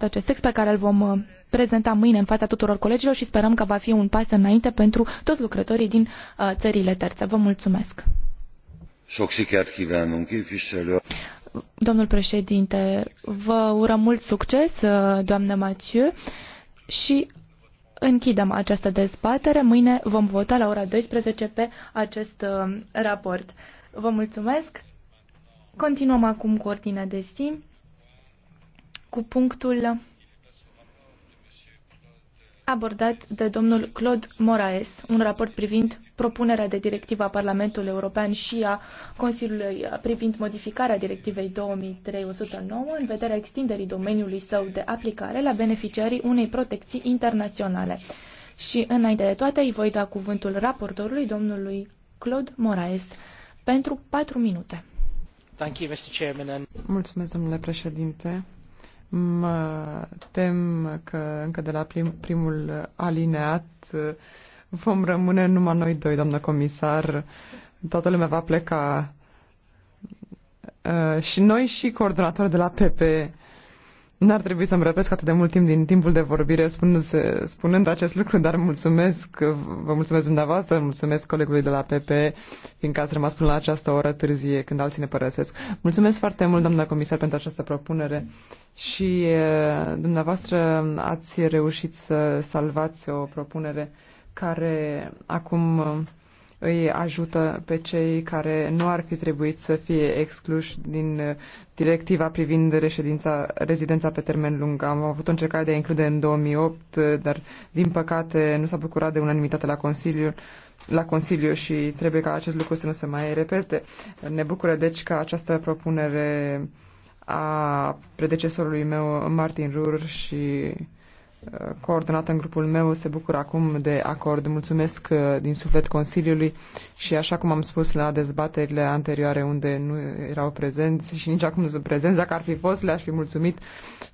ratificat acest text pe care îl vom uh, prezenta mâine în fața tuturor colegilor și sperăm că va fi un pas înainte pentru toți lucrătorii din uh, țările terțe. Vă mulțumesc! Domnul președinte, vă urăm mult succes, uh, doamnă Mathieu, și închidem această dezbatere. Mâine vom vota la ora 12 pe acest raport. Vă mulțumesc! Continuăm acum cu ordinea de timp cu punctul abordat de domnul Claude Moraes, un raport privind propunerea de directivă a Parlamentului European și a Consiliului privind modificarea directivei 2003-109 în vederea extinderii domeniului său de aplicare la beneficiarii unei protecții internaționale. Și înainte de toate îi voi da cuvântul raportorului domnului Claude Moraes pentru patru minute. Mulțumesc, domnule președinte. Mă tem că încă de la prim, primul alineat uh, vom rămâne numai noi doi, doamnă comisar. Toată lumea va pleca. Uh, și noi și coordonatorul de la PP N-ar trebui să-mi răpesc atât de mult timp din timpul de vorbire spunând, spunând acest lucru, dar mulțumesc, vă mulțumesc dumneavoastră, mulțumesc colegului de la PP, fiindcă ați rămas până la această oră târzie când alții ne părăsesc. Mulțumesc foarte mult, doamna comisar, pentru această propunere și dumneavoastră ați reușit să salvați o propunere care acum îi ajută pe cei care nu ar fi trebuit să fie excluși din uh, directiva privind reședința, rezidența pe termen lung. Am avut o încercare de a include în 2008, uh, dar din păcate nu s-a bucurat de unanimitate la Consiliu la Consiliu și trebuie ca acest lucru să nu se mai repete. Ne bucură deci că această propunere a predecesorului meu Martin Rur și Uh, coordonată în grupul meu se bucură acum de acord. Mulțumesc uh, din suflet Consiliului și așa cum am spus la dezbaterile anterioare unde nu erau prezenți și nici acum nu sunt prezenți, dacă ar fi fost le-aș fi mulțumit,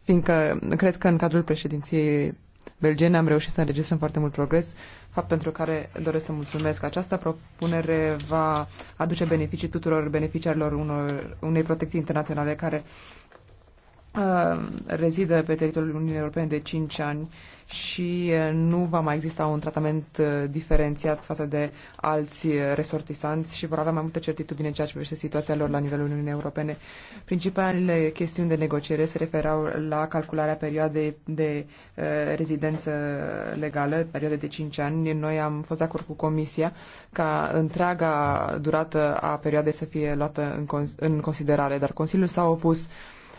fiindcă cred că în cadrul președinției belgiene am reușit să înregistrăm foarte mult progres, fapt pentru care doresc să mulțumesc. Această propunere va aduce beneficii tuturor beneficiarilor unor, unei protecții internaționale care Uh, rezidă pe teritoriul Uniunii Europene de 5 ani și uh, nu va mai exista un tratament uh, diferențiat față de alți resortisanți și vor avea mai multă certitudine în ceea ce privește situația lor la nivelul Uniunii Europene. Principalele chestiuni de negociere se referau la calcularea perioadei de rezidență legală, perioade de 5 ani. Noi am fost de acord cu Comisia ca întreaga durată a perioadei să fie luată în, considerare, dar Consiliul s-a opus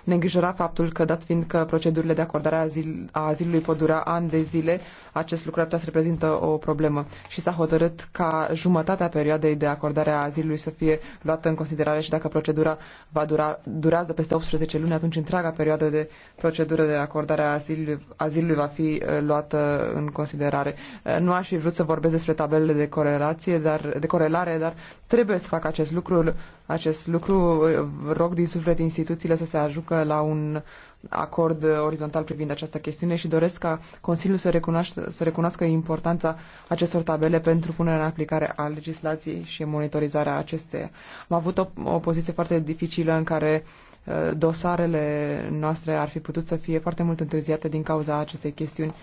ne îngrijora faptul că, dat fiind că procedurile de acordare a, azil, a azilului pot dura ani de zile, acest lucru ar putea să reprezintă o problemă și s-a hotărât ca jumătatea perioadei de acordare a azilului să fie luată în considerare și dacă procedura va dura, durează peste 18 luni, atunci întreaga perioadă de procedură de acordare a azilului, azilului va fi uh, luată în considerare. Uh, nu aș fi vrut să vorbesc despre tabelele de corelație, dar, de corelare, dar trebuie să fac acest lucru. Acest lucru uh, rog din suflet instituțiile să se ajungă ducă la un acord orizontal privind această chestiune și doresc ca Consiliul să, recunoaște, să recunoască importanța acestor tabele pentru punerea în aplicare a legislației și monitorizarea acesteia. Am avut o, o poziție foarte dificilă în care uh, dosarele noastre ar fi putut să fie foarte mult întârziate din cauza acestei chestiuni.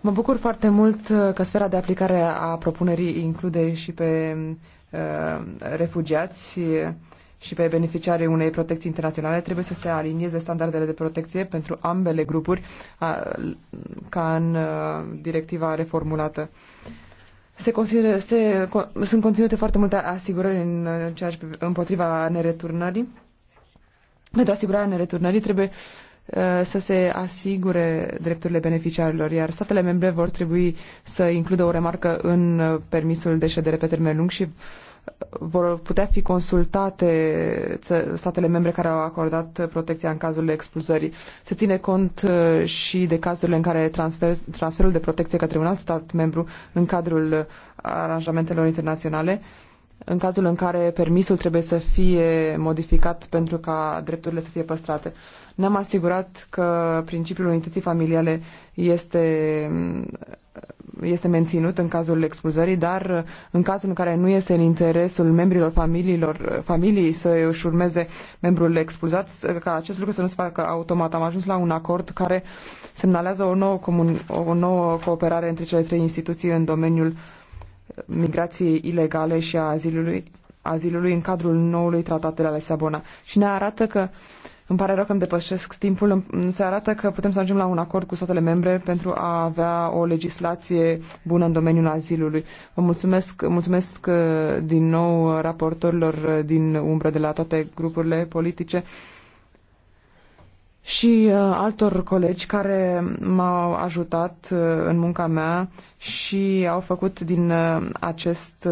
Mă bucur foarte mult uh, că sfera de aplicare a propunerii include și pe uh, refugiați și pe beneficiarii unei protecții internaționale trebuie să se alinieze standardele de protecție pentru ambele grupuri ca în directiva reformulată. Se consideră, se, sunt conținute foarte multe asigurări în ceea ce împotriva nereturnării. Pentru asigurarea nereturnării trebuie să se asigure drepturile beneficiarilor, iar statele membre vor trebui să includă o remarcă în permisul de ședere pe termen lung și uh, vor putea fi consultate statele membre care au acordat protecția în cazul expulzării. Se ține cont uh, și de cazurile în care transfer, transferul de protecție către un alt stat membru în cadrul uh, aranjamentelor internaționale uh, în cazul în care permisul trebuie să fie modificat pentru ca drepturile să fie păstrate. Ne-am asigurat că principiul unității familiale este, este menținut în cazul expulzării, dar în cazul în care nu este în interesul membrilor familiilor, familiei să își urmeze membrul expulzat, ca acest lucru să nu se facă automat. Am ajuns la un acord care semnalează o nouă, comun, o nouă cooperare între cele trei instituții în domeniul uh, migrației ilegale și a azilului, azilului în cadrul noului tratat de la Lisabona. Și ne arată că, îmi pare rău că îmi depășesc timpul, se arată că putem să ajungem la un acord cu statele membre pentru a avea o legislație bună în domeniul azilului. Vă mulțumesc, mulțumesc uh, din nou raportorilor uh, din umbră de la toate grupurile politice și uh, altor colegi care m-au ajutat uh, în munca mea și au făcut din uh, acest,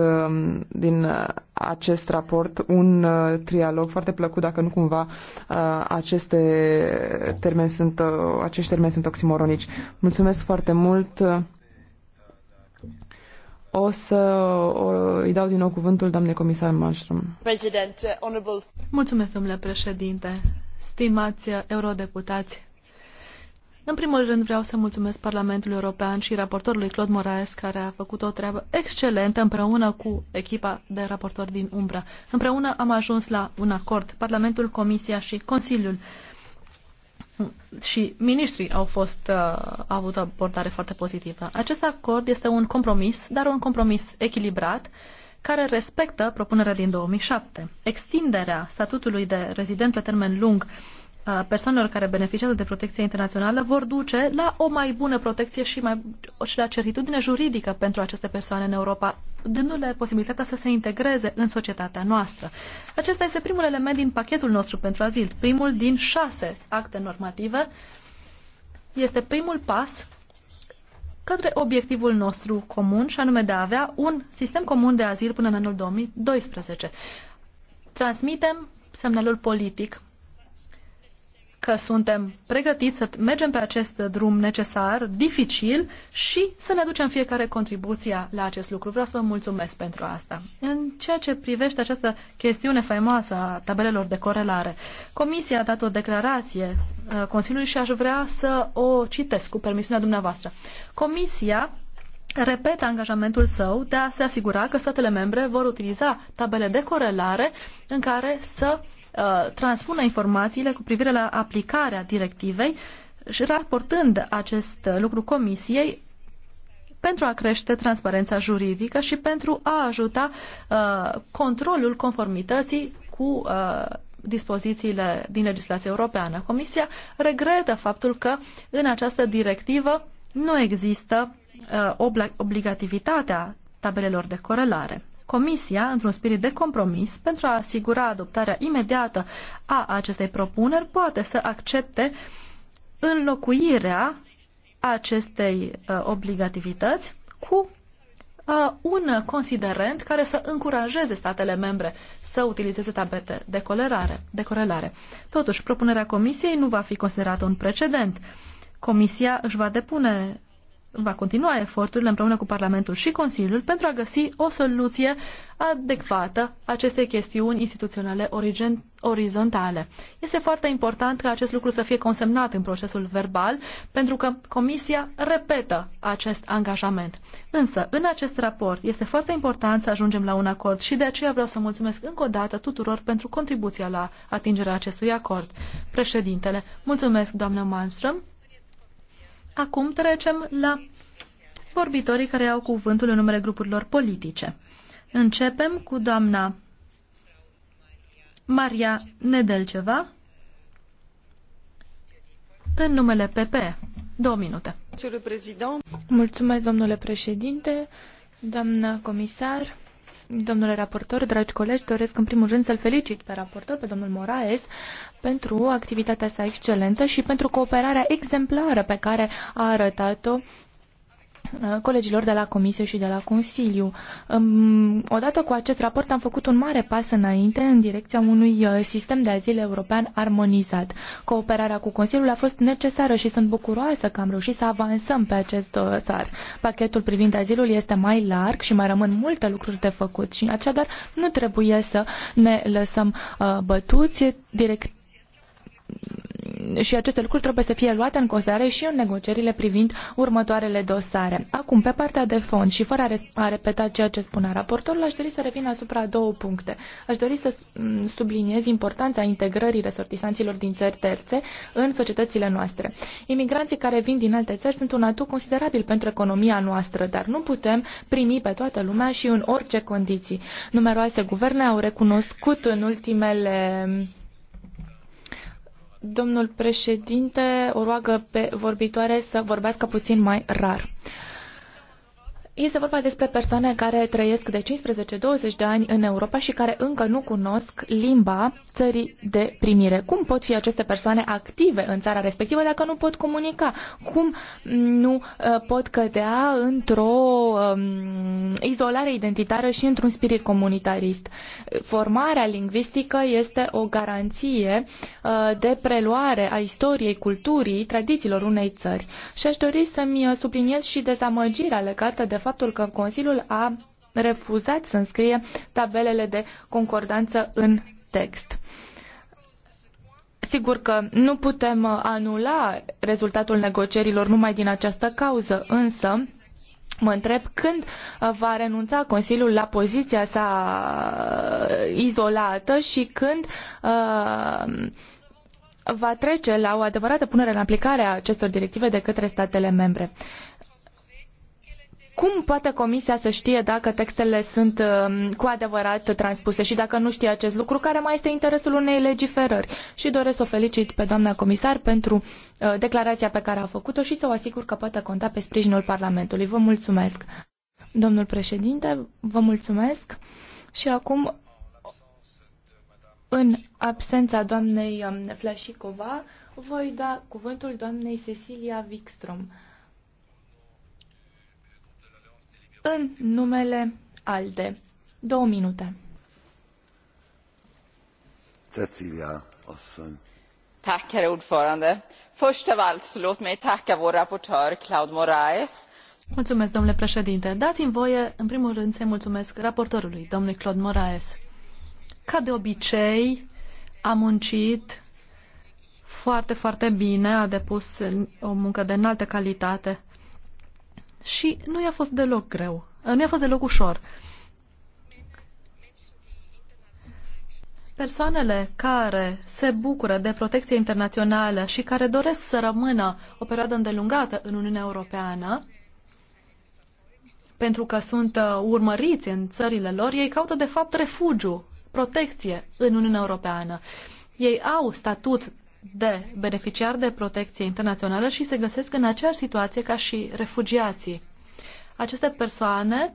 din acest raport un trialog foarte plăcut, dacă nu cumva aceste termeni sunt, acești termeni sunt oximoronici. Mulțumesc foarte mult! O să o, îi dau din nou cuvântul doamnei comisar Malmström. Mulțumesc, domnule președinte stimați eurodeputați, în primul rând vreau să mulțumesc Parlamentului European și raportorului Claude Moraes, care a făcut o treabă excelentă împreună cu echipa de raportori din Umbra. Împreună am ajuns la un acord, Parlamentul, Comisia și Consiliul. Și ministrii au fost, uh, avut o abordare foarte pozitivă. Acest acord este un compromis, dar un compromis echilibrat, uh, care respectă propunerea din 2007. Extinderea statutului de rezident pe termen lung a uh, persoanelor care beneficiază de protecție internațională vor duce la o mai bună protecție și, mai, și la certitudine juridică pentru aceste persoane în Europa, dându-le posibilitatea să se integreze în societatea noastră. Acesta este primul element din pachetul nostru pentru azil, primul din șase acte normative. Este primul pas către obiectivul nostru comun și anume de a avea un sistem comun de azil până în anul 2012. Transmitem semnalul politic că suntem pregătiți să mergem pe acest drum necesar, dificil și să ne aducem fiecare contribuția la acest lucru. Vreau să vă mulțumesc pentru asta. În ceea ce privește această chestiune faimoasă a tabelelor de corelare, Comisia a dat o declarație uh, Consiliului și aș vrea să o citesc cu permisiunea dumneavoastră. Comisia repetă angajamentul său de a se asigura că statele membre vor utiliza tabele de corelare în care să uh, Uh, transpună informațiile cu privire la aplicarea directivei și raportând acest lucru comisiei pentru a crește transparența juridică și pentru a ajuta uh, controlul conformității cu uh, dispozițiile din legislația europeană. Comisia regretă faptul că în această directivă nu există uh, obligativitatea tabelelor de corelare. Comisia, într-un spirit de compromis, pentru a asigura adoptarea imediată a acestei propuneri, poate să accepte înlocuirea acestei uh, obligativități cu uh, un considerent care să încurajeze statele membre să utilizeze tablete de, colerare, de corelare. Totuși, propunerea Comisiei nu va fi considerată un precedent. Comisia își va depune va continua eforturile împreună cu Parlamentul și Consiliul pentru a găsi o soluție adecvată acestei chestiuni instituționale origen, orizontale. Este foarte important ca acest lucru să fie consemnat în procesul verbal, pentru că Comisia repetă acest angajament. Însă, în acest raport este foarte important să ajungem la un acord și de aceea vreau să mulțumesc încă o dată tuturor pentru contribuția la atingerea acestui acord. Președintele, mulțumesc, doamnă Malmström. Acum trecem la vorbitorii care au cuvântul în numele grupurilor politice. Începem cu doamna Maria Nedelceva în numele PP. Două minute. Mulțumesc, domnule președinte, doamna comisar, Domnule raportor, dragi colegi, doresc în primul rând să-l felicit pe raportor, pe domnul Moraes, pentru activitatea sa excelentă și pentru cooperarea exemplară pe care a arătat-o Uh, colegilor de la Comisie și de la Consiliu. Um, odată cu acest raport am făcut un mare pas înainte în direcția unui uh, sistem de azil european armonizat. Cooperarea cu Consiliul a fost necesară și sunt bucuroasă că am reușit să avansăm pe acest dosar. Pachetul privind azilul este mai larg și mai rămân multe lucruri de făcut și așadar nu trebuie să ne lăsăm uh, bătuți. Direct și aceste lucruri trebuie să fie luate în considerare și în negocierile privind următoarele dosare. Acum, pe partea de fond și fără a repeta ceea ce spunea raportorul, aș dori să revin asupra două puncte. Aș dori să subliniez importanța integrării resortisanților din țări terțe în societățile noastre. Imigranții care vin din alte țări sunt un atu considerabil pentru economia noastră, dar nu putem primi pe toată lumea și în orice condiții. Numeroase guverne au recunoscut în ultimele Domnul președinte o roagă pe vorbitoare să vorbească puțin mai rar. Este vorba despre persoane care trăiesc de 15-20 de ani în Europa și care încă nu cunosc limba țării de primire. Cum pot fi aceste persoane active în țara respectivă dacă nu pot comunica? Cum nu uh, pot cădea într-o um, izolare identitară și într-un spirit comunitarist? Formarea lingvistică este o garanție uh, de preluare a istoriei, culturii, tradițiilor unei țări. Și aș dori să-mi uh, subliniez și dezamăgirea legată de faptul că Consiliul a refuzat să înscrie tabelele de concordanță în text. Sigur că nu putem anula rezultatul negocierilor numai din această cauză, însă mă întreb când va renunța Consiliul la poziția sa izolată și când uh, va trece la o adevărată punere în aplicare a acestor directive de către statele membre. Cum poate Comisia să știe dacă textele sunt um, cu adevărat transpuse și dacă nu știe acest lucru, care mai este interesul unei legiferări? Și doresc să o felicit pe doamna comisar pentru uh, declarația pe care a făcut-o și să o asigur că poate conta pe sprijinul Parlamentului. Vă mulțumesc. Domnul președinte, vă mulțumesc. Și acum, în absența doamnei um, Flașicova, voi da cuvântul doamnei Cecilia Wikstrom. în numele ALDE. Două minute. Cecilia Assen. Tack, herr ordförande. Först av allt, så låt mig tacka vår rapportör Claude Moraes. Mulțumesc, domnule președinte. Dați-mi voie, în primul rând, să-i mulțumesc raportorului, domnul Claude Moraes. Ca de obicei, a muncit foarte, foarte bine, a depus o muncă de înaltă calitate și nu i-a fost deloc greu, uh, nu i-a fost deloc ușor. Persoanele care se bucură de protecție internațională și care doresc să rămână o perioadă îndelungată în Uniunea Europeană, pentru că sunt uh, urmăriți în țările lor, ei caută de fapt refugiu, protecție în Uniunea Europeană. Ei au statut de beneficiari de protecție internațională și se găsesc în aceeași situație ca și refugiații. Aceste persoane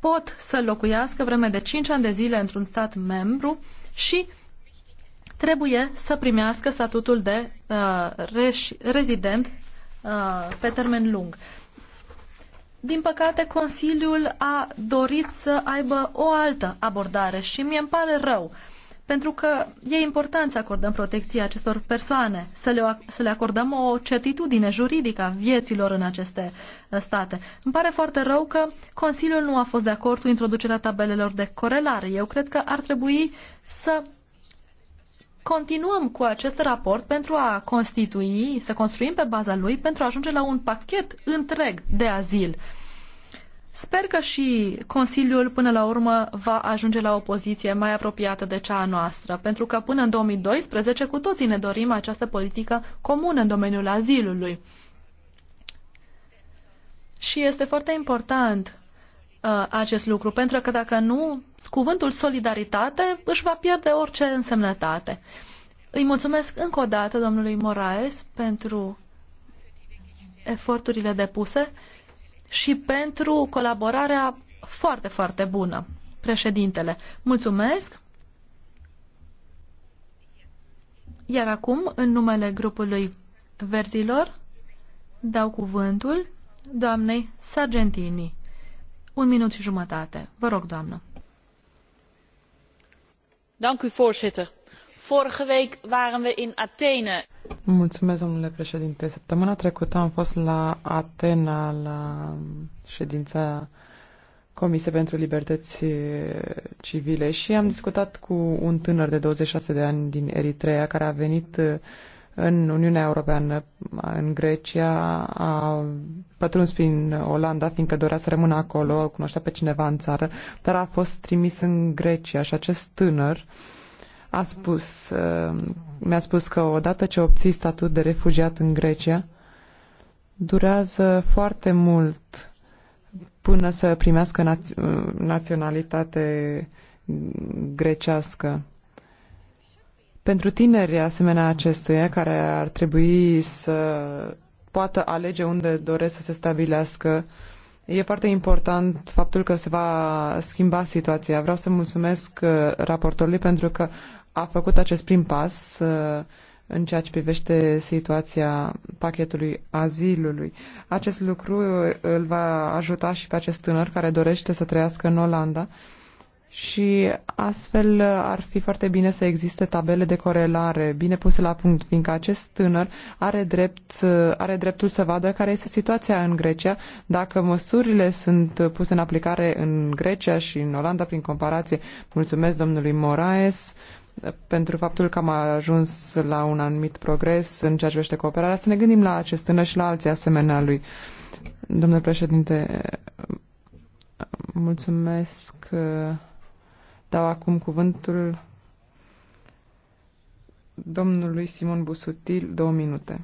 pot să locuiască vreme de 5 ani de zile într-un stat membru și trebuie să primească statutul de uh, reș, rezident uh, pe termen lung. Din păcate, Consiliul a dorit să aibă o altă abordare și mi îmi pare rău. Uh, pentru că e important să acordăm protecție acestor persoane, să le, să le acordăm o certitudine juridică a vieților în aceste uh, state. Îmi pare foarte rău că Consiliul nu a fost de acord cu introducerea tabelelor de corelare. Eu cred că ar trebui să continuăm cu acest raport pentru a constitui, să construim pe baza lui, pentru a ajunge la un pachet întreg de azil. Sper că și Consiliul până la urmă va ajunge la o poziție mai apropiată de cea a noastră, pentru că până în 2012 cu toții ne dorim această politică comună în domeniul azilului. Și este foarte important uh, acest lucru, pentru că dacă nu, cuvântul solidaritate își va pierde orice însemnătate. Îi mulțumesc încă o dată domnului Moraes pentru eforturile depuse și pentru colaborarea foarte, foarte bună. Președintele, mulțumesc! Iar acum, în numele grupului Verzilor, dau cuvântul doamnei Sargentini. Un minut și jumătate. Vă rog, doamnă. Dank u, voorzitter. Vorige week waren we in Athene. Mulțumesc, domnule președinte. Săptămâna trecută am fost la Atena, la um, ședința comisiei pentru Libertăți uh, Civile și am discutat cu un tânăr de 26 de ani din Eritrea care a venit uh, în Uniunea Europeană, în Grecia, a pătruns prin Olanda, fiindcă dorea să rămână acolo, cunoștea pe cineva în țară, dar a fost trimis în Grecia și acest tânăr uh, a spus, uh, mi-a spus că odată ce obții statut de refugiat în Grecia, durează foarte mult până să primească naționalitate grecească. Pentru tineri asemenea acestuia, care ar trebui să poată alege unde doresc să se stabilească, e foarte important faptul că se va schimba situația. Vreau să mulțumesc uh, raportorului pentru că a făcut acest prim pas uh, în ceea ce privește situația pachetului azilului. Acest lucru uh, îl va ajuta și pe acest tânăr care dorește să trăiască în Olanda și astfel uh, ar fi foarte bine să existe tabele de corelare bine puse la punct, fiindcă acest tânăr are, drept, are dreptul să vadă care este situația în Grecia, dacă măsurile sunt puse în aplicare în Grecia și în Olanda prin comparație. Mulțumesc domnului Moraes pentru faptul că am ajuns la un anumit progres în ceea ce privește cooperarea, să ne gândim la acest tânăr și la alții asemenea lui. Domnule președinte, mulțumesc. Dau acum cuvântul domnului Simon Busutil, două minute.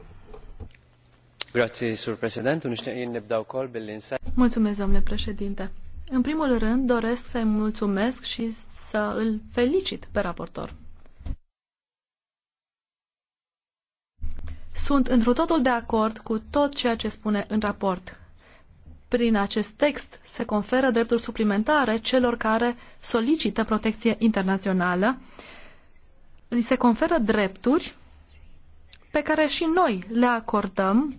Mulțumesc, domnule președinte. În primul rând, doresc să-i mulțumesc și să îl felicit pe raportor. Sunt întru totul de acord cu tot ceea ce spune în raport. Prin acest text se conferă drepturi suplimentare celor care solicită protecție internațională. Li se conferă drepturi pe care și noi le acordăm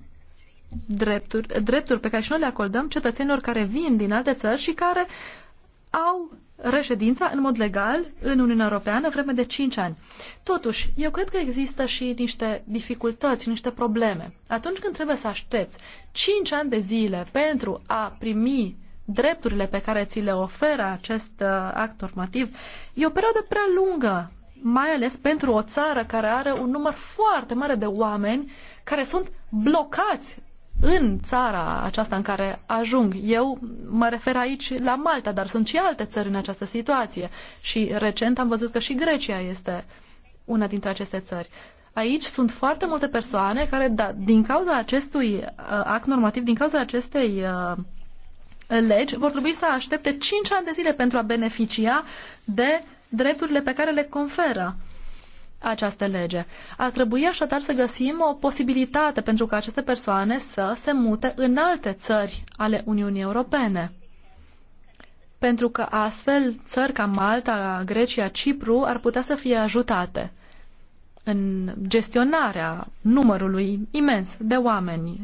drepturi, drepturi pe care și noi le acordăm cetățenilor care vin din alte țări și care au reședința în mod legal în Uniunea Europeană vreme de 5 ani. Totuși, eu cred că există și niște dificultăți, niște probleme. Atunci când trebuie să aștepți 5 ani de zile pentru a primi drepturile pe care ți le oferă acest uh, act normativ, e o perioadă prea lungă, mai ales pentru o țară care are un număr foarte mare de oameni care sunt blocați în țara aceasta în care ajung. Eu mă refer aici la Malta, dar sunt și alte țări în această situație. Și recent am văzut că și Grecia este una dintre aceste țări. Aici sunt foarte multe persoane care, da, din cauza acestui uh, act normativ, din cauza acestei uh, legi, vor trebui să aștepte 5 ani de zile pentru a beneficia de drepturile pe care le conferă. Uh, această lege. Ar trebui așadar să găsim o posibilitate pentru ca aceste persoane să se mute în alte țări ale Uniunii Europene. Pentru că astfel țări ca Malta, Grecia, Cipru ar putea să fie ajutate în gestionarea numărului imens de oameni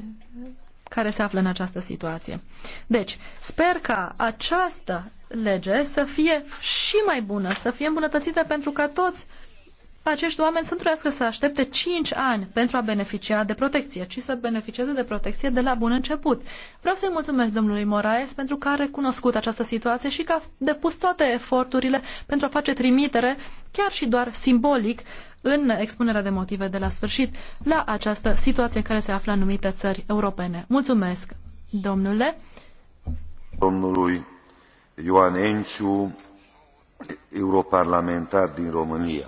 care se află în această situație. Deci, sper ca această lege să fie și mai bună, să fie îmbunătățită pentru ca toți acești oameni să nu trebuiască să aștepte 5 ani pentru a beneficia de protecție, ci să beneficieze de protecție de la bun început. Vreau să-i mulțumesc domnului Moraes pentru că a recunoscut această situație și că a depus toate eforturile pentru a face trimitere, chiar și doar simbolic, în expunerea de motive de la sfârșit, la această situație în care se află anumite țări europene. Mulțumesc, domnule! Domnului Ioan Enciu, europarlamentar din România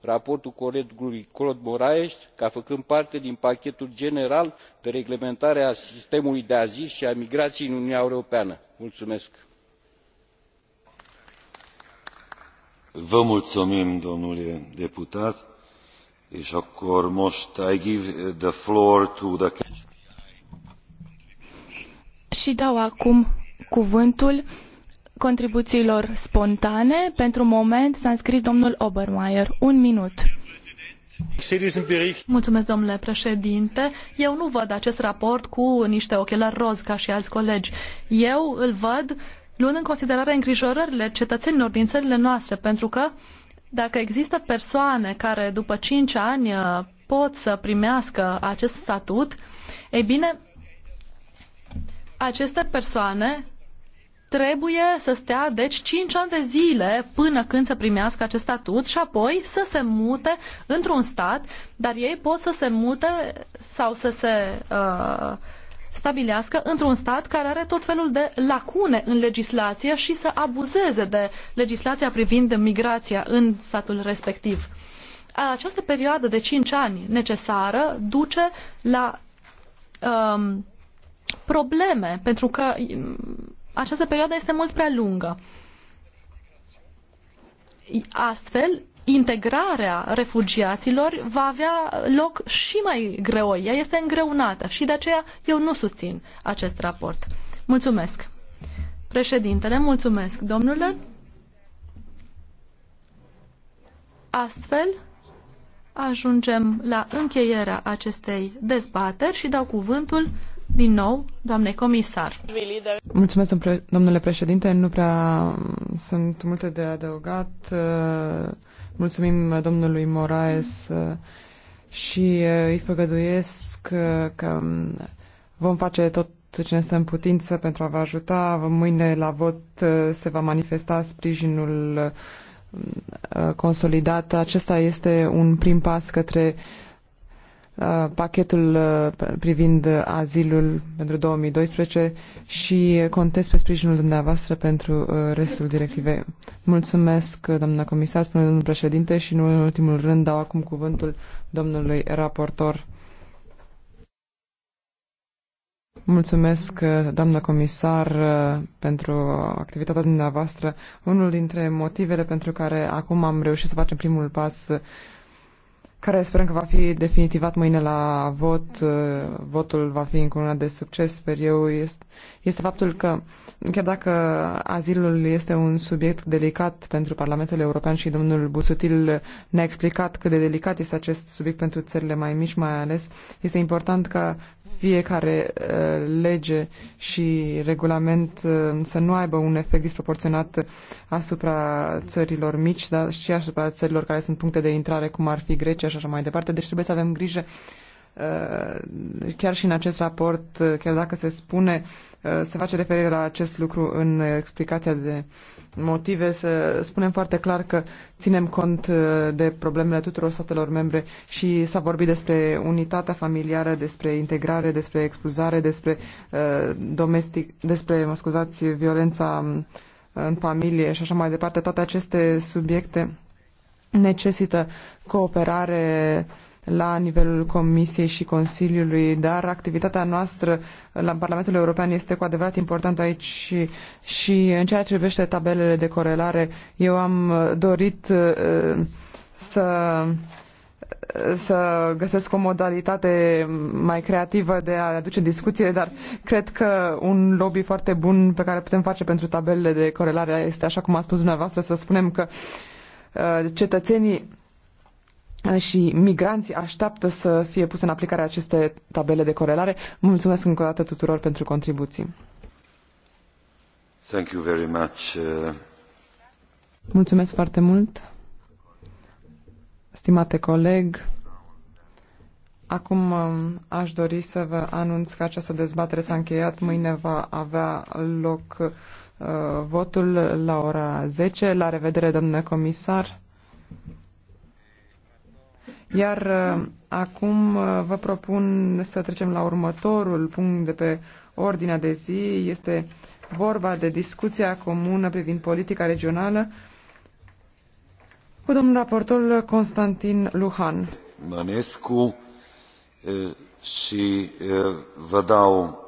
raportul colegului claude moraes ca făcând parte din pachetul general de reglementare a sistemului de azil i a migraiei în uniunea europeană. mulumesc. Vă mulțumim, domnule deputat, most I give the floor to the... Și dau acum cuvântul contribuțiilor spontane. Pentru moment s-a înscris domnul Obermeier. Un minut. Mulțumesc, domnule președinte. Eu nu văd acest raport cu niște ochelari roz ca și alți colegi. Eu îl văd luând în considerare îngrijorările cetățenilor din țările noastre, pentru că dacă există persoane care după cinci ani pot să primească acest statut, ei bine, aceste persoane trebuie să stea, deci, 5 ani de zile până când să primească acest statut și apoi să se mute într-un stat, dar ei pot să se mute sau să se uh, stabilească într-un stat care are tot felul de lacune în legislație și să abuzeze de legislația privind migrația în statul respectiv. Această perioadă de 5 ani necesară duce la um, probleme, pentru că această perioadă este mult prea lungă. Astfel, integrarea refugiaților va avea loc și mai greu. Ea este îngreunată și de aceea eu nu susțin acest raport. Mulțumesc. Președintele, mulțumesc. Domnule, astfel ajungem la încheierea acestei dezbateri și dau cuvântul din nou doamnei comisar. Mulțumesc, domnule președinte. Nu prea sunt multe de adăugat. Mulțumim domnului Moraes și îi făgăduiesc că vom face tot ce ne stă în putință pentru a vă ajuta. Mâine la vot se va manifesta sprijinul uh, consolidat. Acesta este un prim pas către Uh, pachetul uh, privind azilul pentru 2012 și contez pe sprijinul dumneavoastră pentru uh, restul directivei. Mulțumesc, doamna comisar, spune domnul președinte și nu în ultimul rând dau acum cuvântul domnului raportor. Mulțumesc, doamnă comisar, pentru activitatea dumneavoastră. Unul dintre motivele pentru care acum am reușit să facem primul pas care sperăm că va fi definitivat mâine la vot. Uh, votul va fi încununat de succes, sper eu, este, este faptul că, chiar dacă azilul este un subiect delicat pentru Parlamentul European și domnul Busutil ne-a explicat cât de delicat este acest subiect pentru țările mai mici, mai ales, este important ca fiecare uh, lege și regulament uh, să nu aibă un efect disproporționat asupra țărilor mici, dar și asupra țărilor care sunt puncte de intrare, cum ar fi Grecia și așa mai departe. Deci trebuie să avem grijă uh, chiar și în acest raport, uh, chiar dacă se spune, uh, se face referire la acest lucru în explicația de motive să spunem foarte clar că ținem cont uh, de problemele tuturor statelor membre și s-a vorbit despre unitatea familiară, despre integrare, despre excluzare, despre uh, domestic, despre, mă scuzați, violența mm, în familie și așa mai departe. Toate aceste subiecte necesită cooperare la nivelul Comisiei și Consiliului, dar activitatea noastră la Parlamentul European este cu adevărat importantă aici și, și în ceea ce privește tabelele de corelare, eu am dorit uh, să să găsesc o modalitate mai creativă de a aduce discuție, dar cred că un lobby foarte bun pe care putem face pentru tabelele de corelare este, așa cum a spus dumneavoastră, să spunem că uh, cetățenii și migranții așteaptă să fie puse în aplicare aceste tabele de corelare. Mulțumesc încă o dată tuturor pentru contribuții. Thank you very much. Uh, Mulțumesc foarte mult, stimate coleg. Acum um, aș dori să vă anunț că această dezbatere s-a încheiat. Mâine va avea loc uh, votul la ora 10. La revedere, domnule comisar. Iar uh, acum uh, vă propun să trecem la următorul punct de pe ordinea de zi. Este vorba de discuția comună privind politica regională cu domnul raportor Constantin Luhan. Mănescu uh, și vă dau